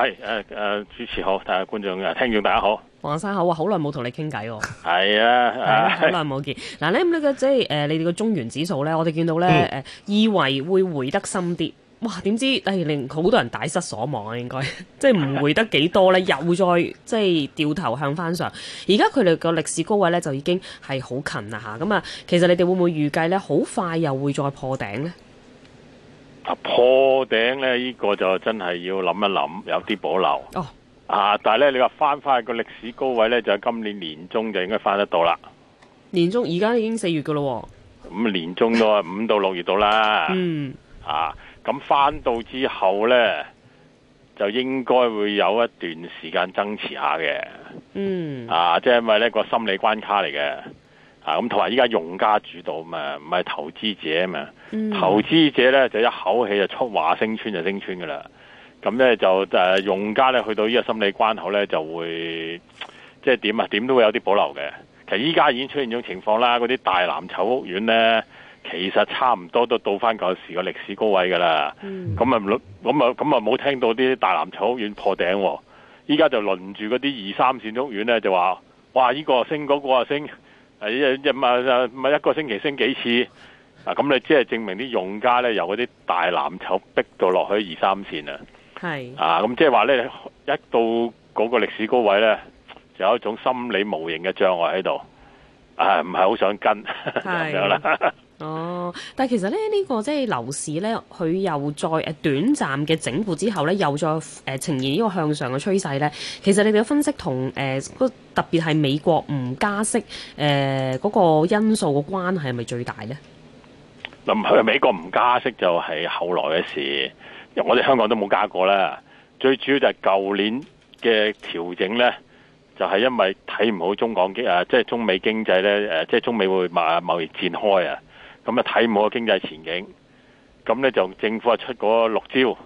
係誒誒，主持好，大家觀眾聽眾大家好，黃生好，我好耐冇同你傾偈喎。係 是啊，好耐冇見。嗱咁呢個即係誒，你哋嘅中原指數咧，我哋見到咧誒、嗯，以為會回得深啲，哇！點知誒、哎、令好多人大失所望啊，應該 即係唔回得幾多咧，又再即係掉頭向翻上。而家佢哋個歷史高位咧，就已經係好近啦吓。咁啊，其實你哋會唔會預計咧，好快又會再破頂咧？破頂咧，依、這個就真係要諗一諗，有啲保留。哦、oh.，啊！但係咧，你話翻翻去個歷史高位咧，就今年年中就應該翻得到啦。年中而家已經四月噶咯。咁年中都係五到六月到啦。 嗯。啊，咁翻到之後咧，就應該會有一段時間爭持下嘅。嗯。啊，即係因為呢個心理關卡嚟嘅。啊！咁同埋，依家用家主導嘛，唔係投資者啊嘛、嗯。投資者咧就一口氣就出話，升穿就升穿噶啦。咁咧就誒、啊、用家咧去到呢個心理關口咧，就會即係點啊？點都會有啲保留嘅。其實依家已經出現種情況啦。嗰啲大藍籌屋苑咧，其實差唔多都到翻舊時個歷史高位噶啦。咁、嗯、啊，咁啊，咁啊，冇聽到啲大藍籌屋苑破頂、啊。依家就輪住嗰啲二三線屋苑咧，就話哇！呢、呢個升，嗰個啊升。係一一唔係一個星期升幾次那那啊？咁你即係證明啲用家咧由嗰啲大藍籌逼到落去二三線啦。係啊，咁即係話咧，一到嗰個歷史高位咧，就有一種心理無形嘅障礙喺度，啊，唔係好想跟啦。 哦，但係其實咧，呢、呢個即係樓市咧，佢又再誒短暫嘅整固之後咧，又再誒呈現呢個向上嘅趨勢咧。其實你哋嘅分析同誒、呃，特別係美國唔加息誒嗰、呃嗰個因素嘅關係係咪最大咧？唔係美國唔加息就係後來嘅事，因為我哋香港都冇加過啦。最主要就係舊年嘅調整咧，就係、係、因為睇唔好中港經啊，即係中美經濟咧誒，即係中美會貿貿易戰開啊。咁啊睇冇個經濟前景，咁咧就政府啊出嗰六招，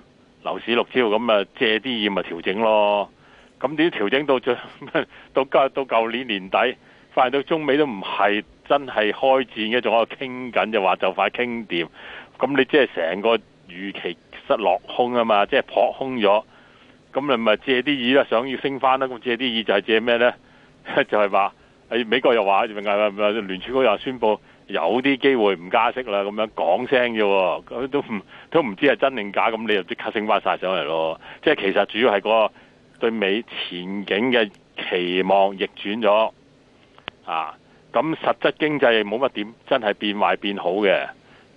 樓市六招，咁啊借啲意咪調整咯。咁點調整到最到今到舊年年底，發現到中美都唔係真係開戰嘅，仲喺度傾緊，就話就快傾掂。咁你即係成個預期失落空啊嘛，即係撲空咗。咁你咪借啲意啦，想要升返啦。咁借啲意就係借咩咧？就係話，誒美國又話，聯儲局又宣布。有啲機會唔加息啦，咁樣講聲嘅喎，咁都唔都唔知係真定假，咁你就即刻升翻曬上嚟咯。即係其實主要係個對美前景嘅期望逆轉咗啊！咁實質經濟冇乜點真係變壞變好嘅，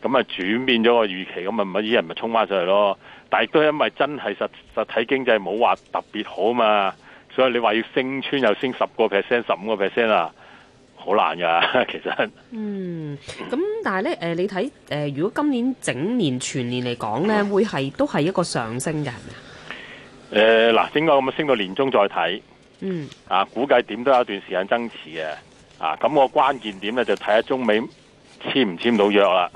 咁啊轉變咗個預期，咁啊啲人咪衝翻上嚟咯。但係都係因為真係實,實體經濟冇話特別好嘛，所以你話要升穿又升十個 percent、十五個 percent 啊？好難噶，其實。嗯，咁但係咧，誒、呃，你睇，誒、呃，如果今年整年全年嚟講咧，會係都係一個上升嘅。誒，嗱、呃，整個咁啊，升到年中再睇。嗯。啊，估計點都有一段時間爭持嘅。啊，咁、那、我、個、關鍵點咧就睇下中美簽唔簽到約啦。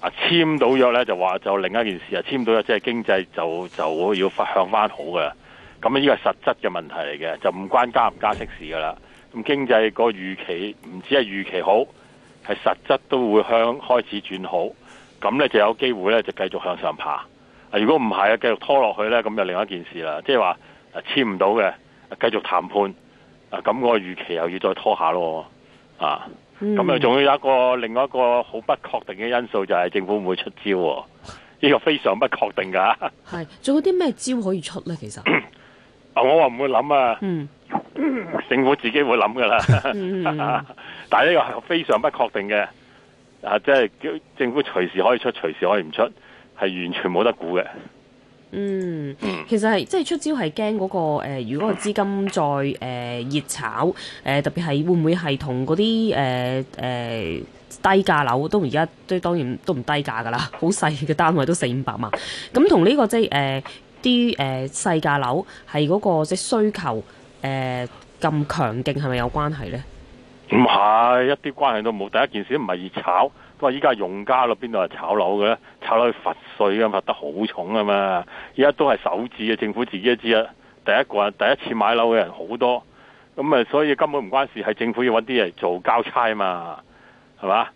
啊，簽到約咧就話就另一件事簽、就是、啊，簽到約即係經濟就就會要向翻好嘅。咁呢個實質嘅問題嚟嘅，就唔關加唔加息事噶啦。咁經濟個預期唔止係預期好，係實質都會向開始轉好，咁咧就有機會呢，就繼續向上爬。啊，如果唔係啊，繼續拖落去呢，咁又另一件事啦。即係話簽唔到嘅，繼續談判啊，咁、啊那個預期又要再拖下咯。啊，咁啊，仲要有一個、嗯、另外一個好不確定嘅因素就係政府唔會出招。呢個非常不確定噶。係，仲有啲咩招可以出呢？其實、啊、我話唔會諗啊。嗯。嗯、政府自己會諗噶啦，嗯、 但係呢個係非常不確定嘅啊，即係政府隨時可以出，隨時可以唔出，係完全冇得估嘅。嗯，其實係即係出招係驚嗰個誒，如果個資金再誒熱炒誒，特別係會唔會係同嗰啲誒誒低價樓都而家即係當然都唔低價噶啦，好細嘅單位都四五百萬咁，同呢個即係誒啲誒細價樓係嗰個即係需求。誒、呃，咁強勁係咪有關係呢？唔係一啲關係都冇。第一件事都唔係炒，不過依家用家咯，邊度係炒樓嘅？炒樓去罰稅啊，罰得好重啊嘛。依家都係手指嘅，政府自己都知啦。第一個啊，第一次買樓嘅人好多，咁啊，所以根本唔關事，係政府要揾啲人做交差嘛，係嘛？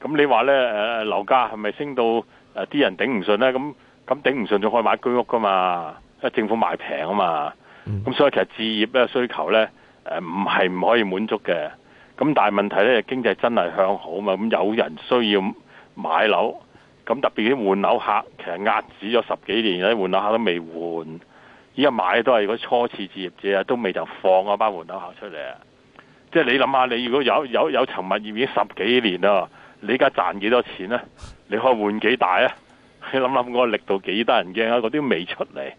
咁你話呢，誒、呃、樓價係咪升到誒啲、呃、人頂唔順呢？咁咁頂唔順仲可以買居屋噶嘛？政府賣平啊嘛。咁所以其實置業咧需求咧，誒唔係唔可以滿足嘅。咁但係問題咧，經濟真係向好嘛。咁有人需要買樓，咁特別啲換樓客，其實壓止咗十幾年，啲換樓客都未換。依家買都係如果初次置業者啊，都未就放嗰班換樓客出嚟啊。即係你諗下，你如果有有有，有層物業已經十幾年啦，你而家賺幾多錢咧？你可以換幾大啊？你諗諗個力度幾得人驚啊？嗰啲未出嚟，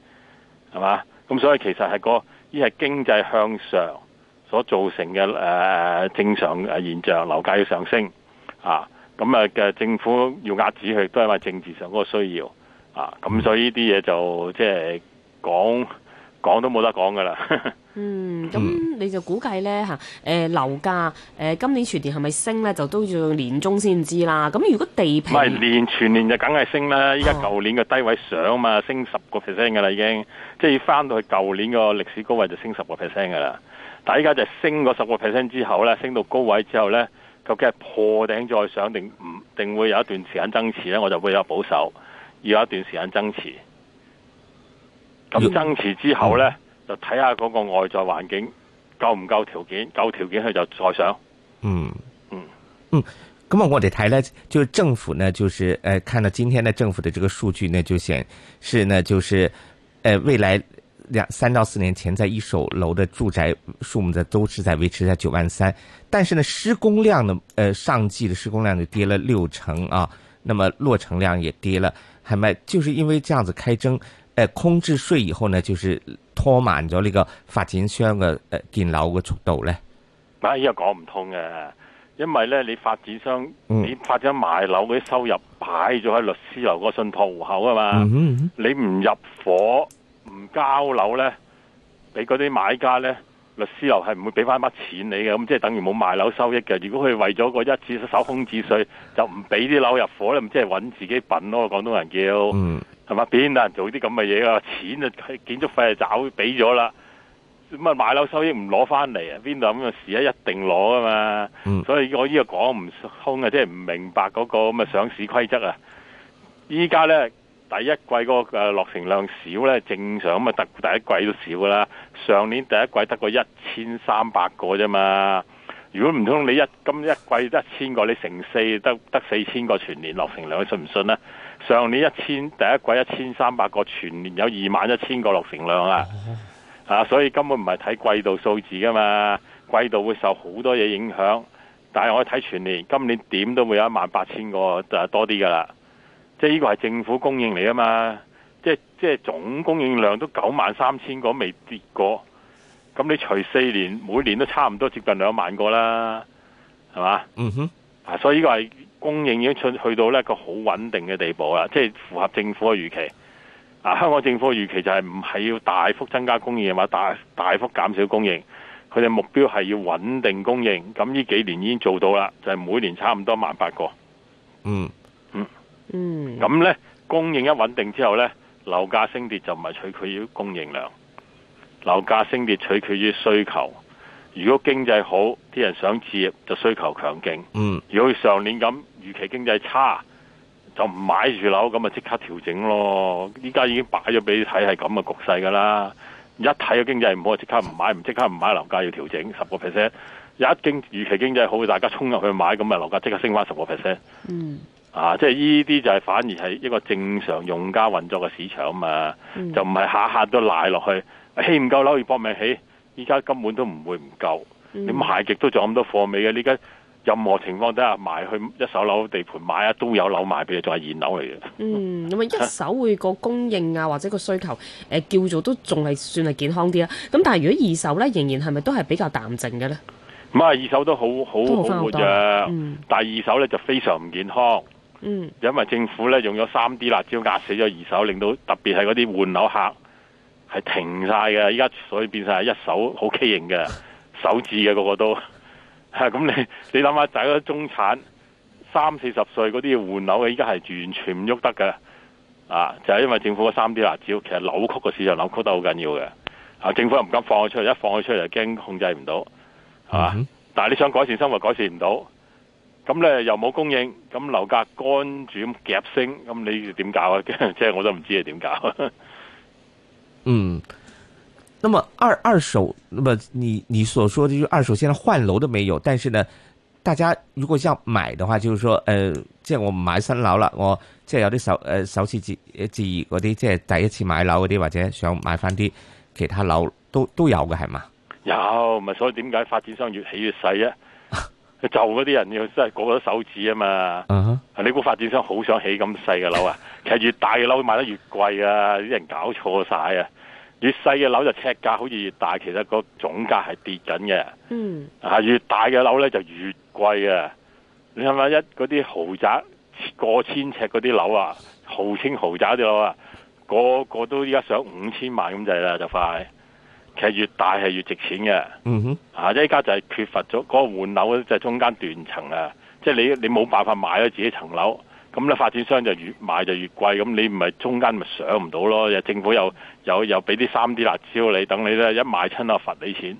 係嘛？咁所以其實係個呢係經濟向上所造成嘅誒、呃、正常誒現象，樓價要上升啊！咁啊嘅、啊、政府要壓止佢，都係因為政治上嗰個需要啊！咁所以呢啲嘢就即係講講都冇得講㗎喇。呵呵。嗯，咁你就估計咧吓，誒樓價誒今年全年係咪升咧？就都要年中先知啦。咁如果地平唔係年全年就梗係升啦。依家舊年個低位上嘛，升十個 percent 噶啦，已經即係要翻到去舊年個歷史高位就升十個 percent 噶啦。但係依家就升個十個 percent 之後咧，升到高位之後咧，究竟係破頂再上定唔定會有一段時間增持咧？我就會有保守，要有一段時間增持。咁增持之後咧？嗯就睇下嗰個外在環境夠唔夠條件，夠條件佢就再上。嗯嗯嗯，咁、嗯、啊，我哋睇咧，就是、政府呢，就是誒、呃，看到今天呢，政府的這個數據呢，就顯示呢，就是誒、呃，未來兩三到四年前，在一手樓的住宅數目呢都是在維持在九萬三，但是呢，施工量呢，呃，上季的施工量就跌了六成啊，那麼落成量也跌了，係咪，就是因為這樣子開徵。空置稅以後呢，就是拖慢咗呢個發展商嘅、呃、建樓嘅速度咧。嗱、這、呢個講唔通嘅，因為呢，你發展商、嗯，你發展賣樓嗰啲收入擺咗喺律師樓個信託戶口啊嘛。嗯哼嗯哼，你唔入伙、唔交樓呢，你嗰啲買家呢，律師樓係唔會俾翻一筆錢你嘅，咁即係等於冇賣樓收益嘅。如果佢為咗個一次手空置稅，就唔俾啲樓入伙咧，咁即係揾自己笨咯。廣東人叫。嗯係嘛？邊有人做啲咁嘅嘢啊？錢啊，建築費啊，找俾咗啦。咁啊，買樓收益唔攞翻嚟啊？邊度咁嘅事啊？一,一定攞啊嘛、嗯！所以我依個講唔通啊，即係唔明白嗰個咁嘅上市規則啊！依家咧第一季嗰個落成量少咧正常，咁啊得第一季都少啦。上年第一季得過一千三百個啫嘛。如果唔通你一今一季得一千個，你乘四得得四千個全年落成量，你信唔信咧？上年一千第一季一千三百個，全年有二萬一千個落成量啦，啊，所以根本唔係睇季度數字噶嘛，季度會受好多嘢影響，但係我哋睇全年，今年點都會有一萬八千個多啲噶啦，即係呢個係政府供應嚟啊嘛，即係即係總供應量都九萬三千個未跌過，咁你除四年每年都差唔多接近兩萬個啦，係嘛？嗯哼，啊，所以呢個係。供應已經去到一個好穩定嘅地步啦，即係符合政府嘅預期。啊，香港政府嘅預期就係唔係要大幅增加供應嘅話，大大幅減少供應，佢哋目標係要穩定供應。咁呢幾年已經做到啦，就係、是、每年差唔多萬八個。嗯嗯咁呢，供應一穩定之後呢，樓價升跌就唔係取決於供應量，樓價升跌取決於需求。如果經濟好，啲人想置業就需求強勁。嗯，如果上年咁預期經濟差，就唔買住樓，咁咪即刻調整咯。依家已經擺咗俾你睇，係咁嘅局勢㗎啦。一睇個經濟唔好，即刻唔買，唔即刻唔買，樓價要調整十個 percent。一經預期經濟好，大家衝入去買，咁咪樓價即刻升翻十個 percent。啊，即係呢啲就係反而係一個正常用家運作嘅市場啊嘛，嗯、就唔係下下都賴落去，起、哎、唔夠樓要搏命起。依家根本都唔會唔夠，你賣極都仲有咁多貨尾嘅。依家任何情況底下買去一手樓地盤買啊，都有樓賣俾你，仲係現樓嚟嘅。嗯，咁啊，一手會個供應啊，或者個需求誒、呃，叫做都仲係算係健康啲啦。咁但係如果二手咧，仍然係咪都係比較淡靜嘅咧？咁、嗯、啊，二手都好好活躍，但係二手咧就非常唔健康。嗯，因為政府咧用咗三 D 辣招壓死咗二手，令到特別係嗰啲換樓客。係停晒嘅，依家所以變晒一手好畸形嘅手指嘅個個都嚇，咁，啊，你你諗下，大家中產三四十歲嗰啲要換樓嘅，依家係完全唔喐得嘅啊！就係因為政府嗰三 D 辣招，只要其實扭曲個市場扭曲得好緊要嘅啊！政府又唔敢放佢出嚟，一放佢出嚟就驚控制唔到，係嘛？嗯。但係你想改善生活，改善唔到，咁咧又冇供應，咁樓價乾住咁夾升，咁你點搞啊？ 即係我都唔知啊點搞。 嗯，那麼二二手，那麼你你所說的就二手，現在換樓都沒有，但是呢，大家如果要買的話，就是說誒，即、呃、係我買新樓啦，我即係有啲首誒首次置置業嗰啲，即、呃、係第一次買樓嗰啲，或者想買翻啲其他樓都都有嘅係嘛？有，咪所以點解發展商越起越細啊？就嗰啲人要真係個個都手指啊嘛。啊！你估發展商好想起咁細嘅樓啊，其實越大嘅樓賣得越貴啊，啲人搞錯晒啊！越細嘅樓就尺價好似越大，其實個總價係跌緊嘅。嗯、mm. 啊，啊越大嘅樓咧就越貴啊！你諗下一嗰啲豪宅過千尺嗰啲樓啊，號稱豪宅啲樓啊，個個都依家上五千萬咁就係啦，就快。其實越大係越值錢嘅，嚇、mm-hmm. 啊！依家就係缺乏咗嗰、嗰個換樓，即係中間斷層啊！即、就、係、是、你你冇辦法買咗自己層樓，咁咧發展商就越買就越貴，咁你唔係中間咪上唔到咯？又政府又又又俾啲三 D 辣招你，等你咧一買親就罰你錢、mm-hmm.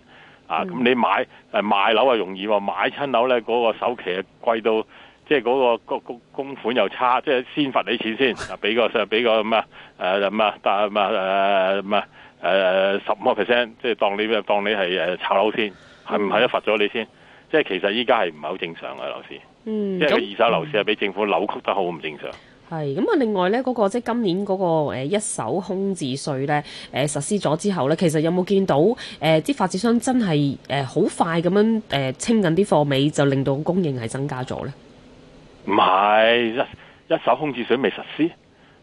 啊！咁你買,買樓啊容易喎，買親樓咧嗰、嗰個首期啊貴到即係嗰個個、嗰個嗰個、供款又差，即、就、係、是、先罰你錢先，啊 俾個俾個咁啊啊啊啊！呃呃呃呃呃呃呃呃誒，十五個 percent，即係當你咪，當你係誒炒樓先，係唔係一罰咗你先？嗯、即係其實依家係唔係好正常嘅樓市，嗯、即係二手樓市係俾政府扭曲得好唔正常，嗯，係咁啊！咁另外咧，嗰、嗰個即係今年嗰個誒一手空置稅咧，誒、呃、實施咗之後咧，其實有冇見到誒啲發展商真係誒好快咁樣誒、呃、清緊啲貨尾，就令到供應係增加咗咧？唔係一一手空置稅未實施。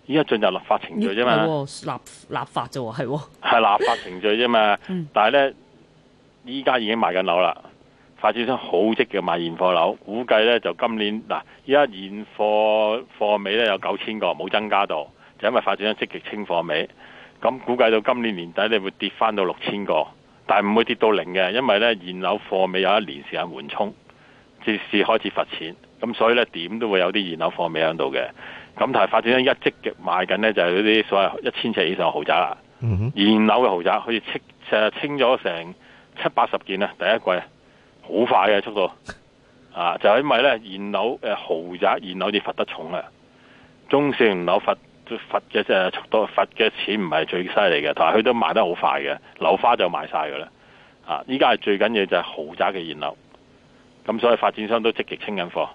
依家進入立法程序啫嘛，立立法啫喎，係係立法程序啫嘛。但係呢，依家已經賣緊樓啦。發展商好積極賣現貨樓，估計呢就今年嗱，依家現貨貨尾呢有九千個，冇增加到，就因為發展商積極清貨尾。咁估計到今年年底你會跌翻到六千個，但係唔會跌到零嘅，因為呢現樓貨尾有一年時間緩衝，只是開始罰錢，咁所以呢點都會有啲現樓貨尾喺度嘅。咁但係發展商一積極賣緊呢，就係嗰啲所謂一千尺以上豪宅啦。現樓嘅豪宅可以清清咗成七八十件啦，第一季好快嘅速度啊！就係、是、因為咧現樓豪宅現樓好似罰得重啊，中小型樓罰嘅即係速度罰嘅錢唔係最犀利嘅，同埋佢都賣得好快嘅，樓花就賣曬噶啦。啊！依家係最緊要就係豪宅嘅現樓，咁所以發展商都積極清緊貨。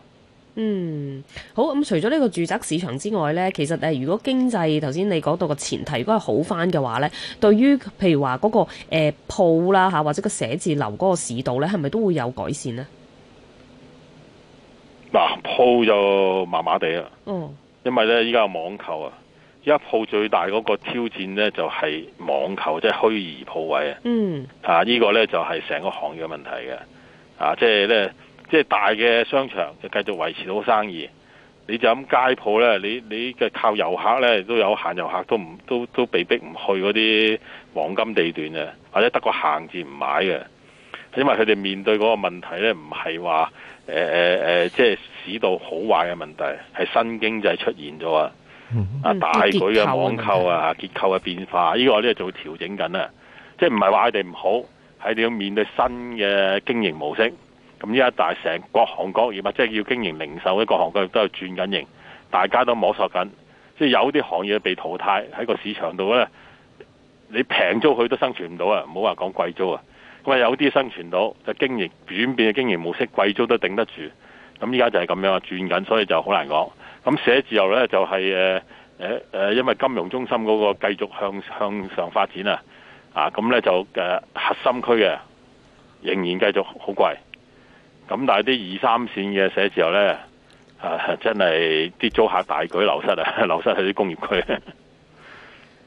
嗯，好。咁除咗呢個住宅市場之外呢，其實誒，如果經濟頭先你講到個前提如果係好翻嘅話呢，對於譬如話嗰個誒鋪啦吓，或者個寫字樓嗰個市道呢，係咪都會有改善呢？嗱，鋪就麻麻地啦。嗯。因為呢，依家有網購啊，一鋪最大嗰個挑戰呢，就係網購，即係虛擬鋪位啊。嗯。啊，呢個呢，就係成個行業嘅問題嘅。啊，即係呢即係大嘅商場就繼續維持到生意你你，你就咁街鋪呢，你你嘅靠遊客呢，都有限，遊客都唔都都被逼唔去嗰啲黃金地段嘅，或者得個行字唔買嘅，因為佢哋面對嗰個問題呢，唔係話誒誒即係市道好壞嘅問題，係新經濟出現咗啊，啊大舉嘅網購啊，結構嘅變化，呢個我哋做調整緊啊，即係唔係話佢哋唔好，係你要面對新嘅經營模式。咁依家大成各行各業啊，即係要經營零售嘅各行各業都係轉緊型，大家都摸索緊，即係有啲行業被淘汰喺個市場度呢，你平租佢都生存唔到啊，唔好話講貴租啊。咁啊，有啲生存到就經營轉變嘅經營模式，貴租都頂得住。咁依家就係咁樣啊，轉緊，所以就好難講。咁寫字樓呢，就係誒因為金融中心嗰個繼續向向上發展啊，啊咁呢，就核心區嘅仍然繼續好貴。咁但係啲二三線嘅寫字樓呢，啊、真係啲租客大舉流失啊，流失喺啲工業區。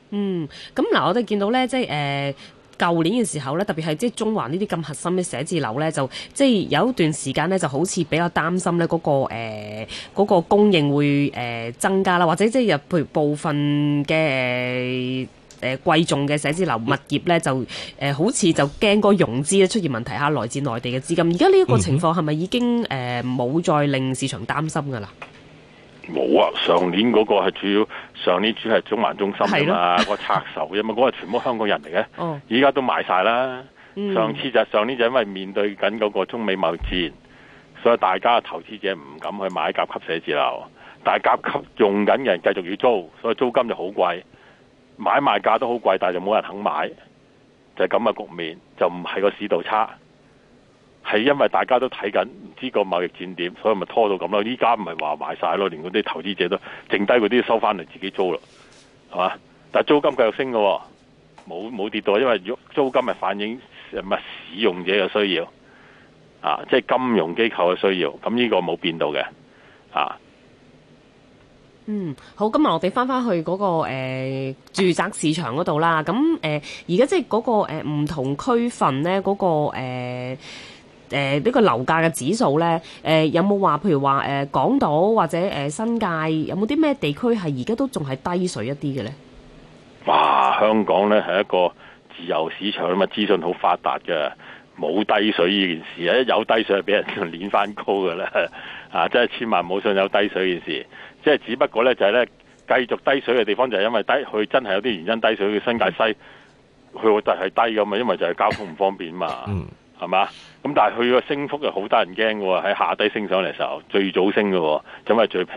嗯，咁嗱，我哋見到呢，即係舊年嘅時候呢，特別係即係中環呢啲咁核心嘅寫字樓呢，就即、就係、有一段時間呢，就好似比較擔心呢、嗰、嗰個嗰、呃嗰個、供應會、呃、增加啦，或者即係譬如部分嘅誒貴重嘅寫字樓物業咧，就誒好似就驚個融資咧出現問題下來自內地嘅資金。而家呢一個情況係咪已經誒冇、呃、再令市場擔心噶啦？冇、嗯、啊！上年嗰個係主要，上年主要係中環中心啊嘛，個拆售，因為嗰個全部香港人嚟嘅，而、哦、家都賣晒啦。上次就係、上年就因為面對緊嗰個中美貿易戰，所以大家投資者唔敢去買甲級寫字樓，但係甲級用緊人繼續要租，所以租金就好貴。買賣價都好貴，但係就冇人肯買，就係咁嘅局面，就唔係個市道差，係因為大家都睇緊，唔知個貿易戰點，所以咪拖到咁咯。依家唔係話賣晒咯，連嗰啲投資者都剩低嗰啲都收翻嚟自己租咯，係嘛？但係租金繼續升㗎喎，冇冇跌到，因為租金係反映係使用者嘅需要，啊，即係金融機構嘅需要，咁呢個冇變到嘅，啊。嗯，好，今日我哋翻翻去嗰個誒、呃、住宅市場嗰度啦。咁誒，而家即係嗰個誒唔、呃、同區份咧，嗰、那個誒誒、呃呃這個、呢個樓價嘅指數咧，誒、呃、有冇話譬如話誒、呃、港島或者誒、呃、新界有冇啲咩地區係而家都仲係低水一啲嘅咧？哇！香港咧係一個自由市場啊嘛，資訊好發達嘅，冇低水呢件事啊，有低水俾人捻翻高噶啦，啊，真係千萬唔好信有低水呢件事。即係只不過呢，就係、是、呢繼續低水嘅地方就係因為低，佢真係有啲原因低水。去新界西，佢就係低咁嘛，因為就係交通唔方便嘛，係、嗯、嘛？咁、嗯、但係佢個升幅又好得人驚喎，喺下低升上嚟時候，最早升嘅喎，因、就、為、是、最平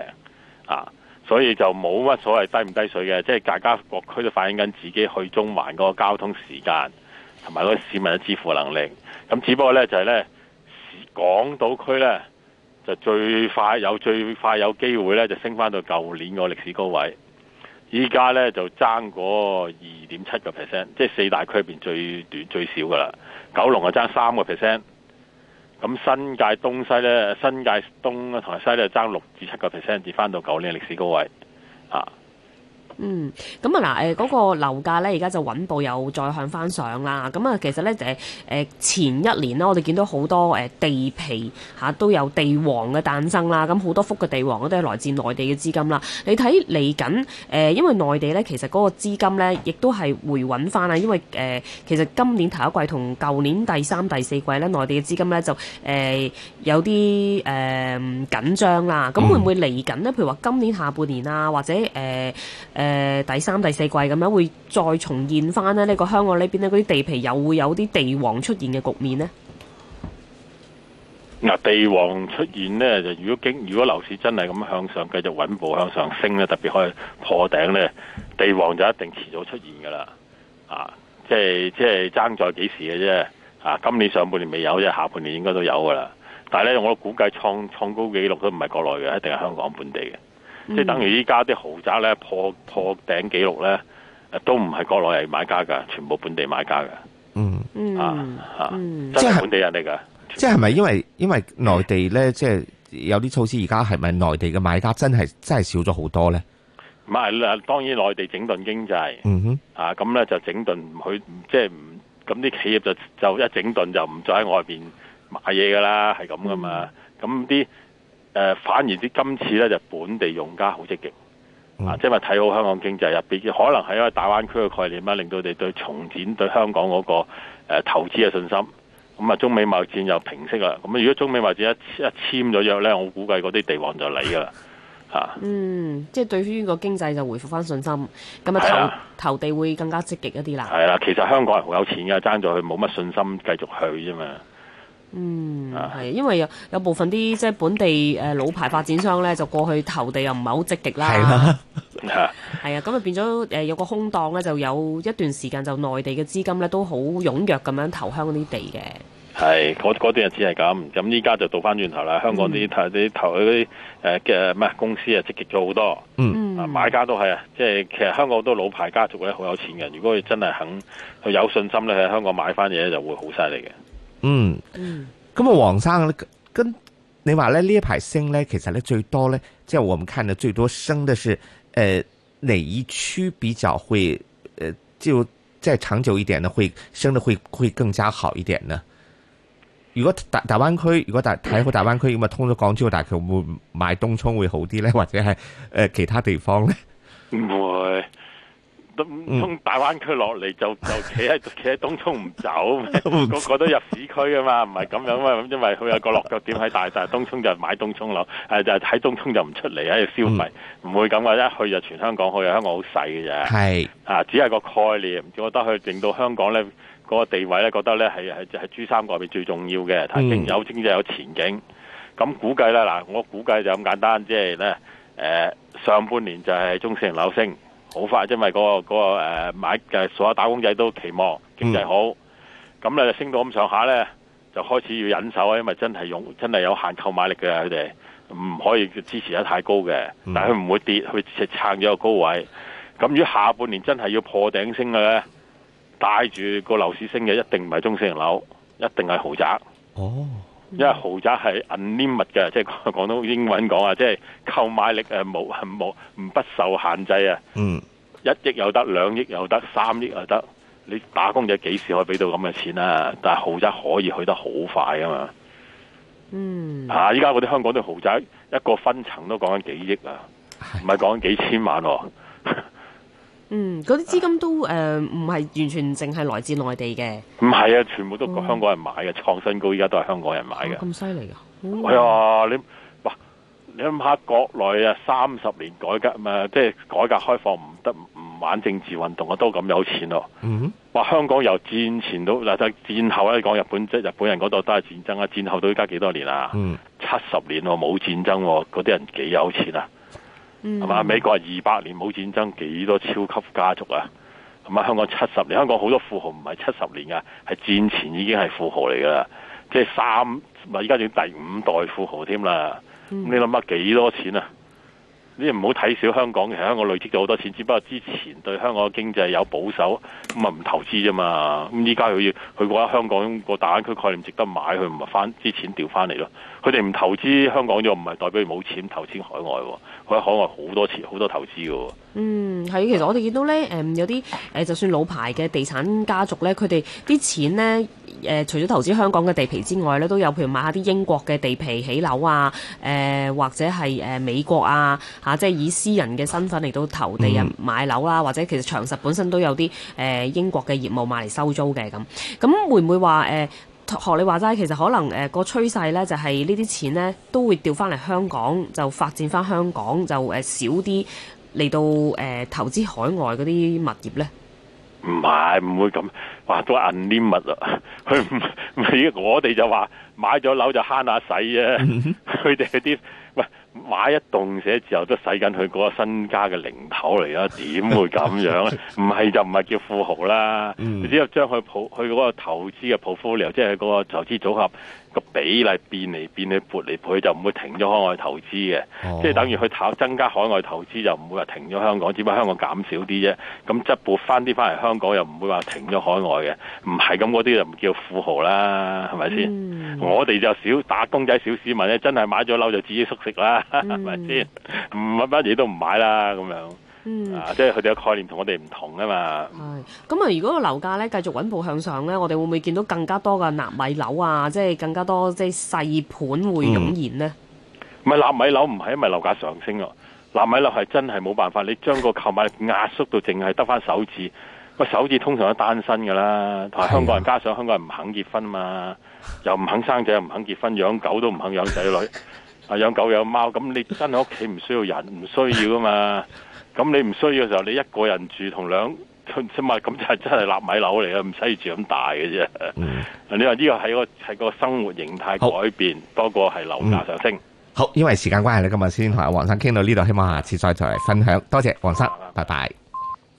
啊，所以就冇乜所謂低唔低水嘅，即係大家各區都反映緊自己去中環嗰個交通時間，同埋嗰個市民嘅支付能力。咁只不過呢，就係、是、呢港島區呢。就最快有最快有機會咧，就升翻到舊年個歷史高位。依家咧就爭過二點七個 percent，即係四大區入邊最短最少噶啦。九龍啊爭三個 percent，咁新界東西咧，新界東同埋西咧爭六至七個 percent 跌翻到舊年嘅歷史高位啊。嗯，咁啊嗱，嗰、呃嗰個樓價咧，而家就穩步又再向翻上啦。咁啊，其實咧就係前一年啦，我哋見到好多、呃、地皮、啊、都有地王嘅誕生啦。咁、啊、好多幅嘅地王，都係來自內地嘅資金啦。你睇嚟緊誒，因為內地咧，其實嗰個資金咧，亦都係回穩翻啦。因為誒、呃，其實今年第一季同舊年第三、第四季咧，內地嘅資金咧就誒、呃、有啲誒、呃、緊張啦。咁會唔會嚟緊呢？譬如話今年下半年啊，或者誒、呃呃誒，第三、第四季咁樣會再重現翻咧？呢個香港呢邊呢，嗰啲地皮又會有啲地王出現嘅局面呢？嗱，地王出現呢，就如果經如果樓市真係咁向上，繼續穩步向上升咧，特別可以破頂呢，地王就一定遲早出現噶啦。啊，即係即係爭在幾時嘅啫。啊，今年上半年未有啫，下半年應該都有噶啦。但係咧，我都估計創創高紀錄都唔係國內嘅，一定係香港本地嘅。即係等於依家啲豪宅咧破破，破頂紀錄咧，都唔係國內人買家噶，全部本地買家噶。嗯啊嗯啊即係本地人嚟噶。即係咪，因為因為內地咧，即係有啲措施，而家係咪內地嘅買家真係真係少咗好多咧？唔係啦，當然內地整頓經濟。嗯哼。啊，咁咧就整頓唔去，即係唔咁啲企業就就一整頓就唔再喺外邊買嘢噶啦，係咁噶嘛。咁啲。誒，反而啲今次咧就本地用家好積極，啊，即係咪睇好香港經濟入邊？可能係因為大灣區嘅概念啊，令到我哋對重展對香港嗰個誒投資嘅信心。咁啊，中美貿戰又平息啦。咁如果中美貿戰一一簽咗約咧，我估計嗰啲地王就嚟噶啦嚇。嗯，即係對於個經濟就回覆翻信心，咁啊投投地會更加積極一啲啦。係啦、啊，其實香港係好有錢㗎，爭咗佢冇乜信心繼續去啫嘛。嗯，係，因為有有部分啲即係本地誒、呃、老牌發展商咧，就過去投地又唔係好積極啦。係啊，咁 啊變咗誒、呃、有個空檔咧，就有一段時間就內地嘅資金咧都好踴躍咁樣投向嗰啲地嘅。係，嗰段日子係咁，咁依家就倒翻轉頭啦。香港啲、嗯、投啲投啲誒嘅唔公司啊，積極咗好多。嗯，啊、買家都係啊，即係其實香港好多老牌家族咧好有錢嘅。如果佢真係肯佢有信心咧喺香港買翻嘢，就會好犀利嘅。嗯，嗯，咁啊，黃生，跟，你話咧呢一排升咧，其實咧最多咧，即係我們看的最多升的是，誒、呃，哪一區比較會，誒、呃，就再長久一點呢？會升得會會更加好一點呢？如果大大灣區，如果大睇好大灣區咁啊，通咗廣州，大橋會唔會買東涌會好啲咧？或者係誒、呃、其他地方咧？唔、嗯、會。都、嗯、通大灣區落嚟就就企喺企喺東涌唔走， 個個都入市區啊嘛，唔係咁樣啊嘛，因為佢有個落腳點喺大，大，但係東涌就買東涌樓，誒、呃、就喺東涌就唔出嚟喺度消費，唔、嗯、會咁啊！一去就全香港，去香港好細嘅啫。係啊，只係個概念，我覺得佢令到香港咧嗰、那個地位咧，覺得咧係係係珠三角入邊最重要嘅，經有經濟有前景。咁估計咧嗱，我估計就咁簡單，即係咧誒上半年就係中小型樓升。好快，因為嗰、那個、那個誒買所有，啊、打工仔都期望經濟好，咁、嗯、咧升到咁上下咧，就開始要忍手，因為真係用真係有限購買力嘅佢哋，唔可以支持得太高嘅。嗯、但係佢唔會跌，佢撐咗個高位。咁如果下半年真係要破頂升嘅咧，帶住個樓市升嘅一定唔係中小型樓，一定係豪宅。哦。因為豪宅係 unlimited 嘅，即係廣東英文講啊，即係購買力誒冇冇唔不受限制啊，mm. 一億又得，兩億又得，三億又得，你打工仔幾時可以俾到咁嘅錢啊？但係豪宅可以去得好快啊嘛，嗯、mm.，啊，依家嗰啲香港啲豪宅一個分層都講緊幾億啊，唔係講緊幾千萬喎、啊。嗯，嗰啲資金都誒唔係完全淨係來自內地嘅。唔係啊，全部都香港人買嘅、哦，創新高依家都係香港人買嘅。咁犀利㗎？係啊、哎，你哇！你諗下國內啊，三十年改革，咪、嗯、即係改革開放唔得，唔玩政治運動啊，都咁有錢咯、哦。嗯。哇！香港由戰前到嗱，就戰後咧講日本，即係日本人嗰度都係戰爭啊。戰後到依家幾多年啊？嗯、七十年喎、哦，冇戰爭喎、哦，嗰啲人幾有錢啊？係嘛？美國係二百年冇戰爭，幾多超級家族啊？係嘛，香港七十年，香港好多富豪唔係七十年啊，係戰前已經係富豪嚟噶啦。即係三，咪依家仲要第五代富豪添啦。咁你諗下幾多錢啊？你唔好睇小香港，其實香港累積咗好多錢，只不過之前對香港經濟有保守，咁啊唔投資啫嘛。咁依家佢要佢覺得香港個大灣區概念值得買，佢唔係翻啲錢調翻嚟咯。佢哋唔投資香港又唔係代表佢冇錢投錢海外喎。佢喺海外好多錢，好多投資嘅喎。嗯，係，其實我哋見到咧，有啲就算老牌嘅地產家族咧，佢哋啲錢咧。誒、呃，除咗投資香港嘅地皮之外咧，都有譬如買下啲英國嘅地皮起樓啊，誒、呃、或者係誒、呃、美國啊，嚇、啊、即係以私人嘅身份嚟到投地買啊，買樓啦，或者其實長實本身都有啲誒、呃、英國嘅業務買嚟收租嘅咁。咁會唔會話誒學你話齋，其實可能誒、呃個趨勢咧就係呢啲錢呢都會調翻嚟香港，就發展翻香港，就誒、呃、少啲嚟到誒、呃、投資海外嗰啲物業呢？唔係，唔會咁話。都銀黏物啦，佢唔係我哋就話買咗樓就慳下使啫！佢哋啲喂，買一棟寫字樓都使緊佢嗰個身家嘅零頭嚟啦，點會咁樣咧、啊？唔 係就唔係叫富豪啦、嗯，只有將佢抱佢嗰個投資嘅 portfolio 即係嗰個投資組合。個比例變嚟變去撥嚟撥去就唔會停咗海外投資嘅，oh。即係等於去增加海外投資就唔會話停咗香港，只不過香港減少啲啫。咁即係撥翻啲翻嚟香港又唔會話停咗海外嘅，唔係咁嗰啲就唔叫富豪啦，係咪先？Mm. 我哋就少打工仔小市民咧,真係買咗樓就自己縮食啦，係咪先？乜乜嘢都唔買啦，咁樣。嗯、啊，即係佢哋嘅概念跟我們不同，我哋唔同啊嘛。係、嗯，咁啊，如果個樓價咧繼續穩步向上咧，我哋會唔會見到更加多嘅納米樓啊？即係更加多即係細盤會湧現呢？唔係納米樓唔係，因為樓價上升咯。納米樓係真係冇辦法，你將個購買力壓縮到淨係得翻手指。個手指通常都單身噶啦，同香港人加上香港人唔肯結婚嘛，又唔肯生仔，又唔肯結婚，養狗都唔肯養仔女， 啊養狗養貓，咁你真係屋企唔需要人，唔需要啊嘛。咁你唔需要嘅時候，你一個人住同兩，起碼咁就真係納米樓嚟啦，唔使住咁大嘅啫。你話呢個係個係個生活形態改變多過係樓價上升。好，因為時間關係啦，今日先同阿黃生傾到呢度，希望下次再再嚟分享。多謝黃生，拜拜。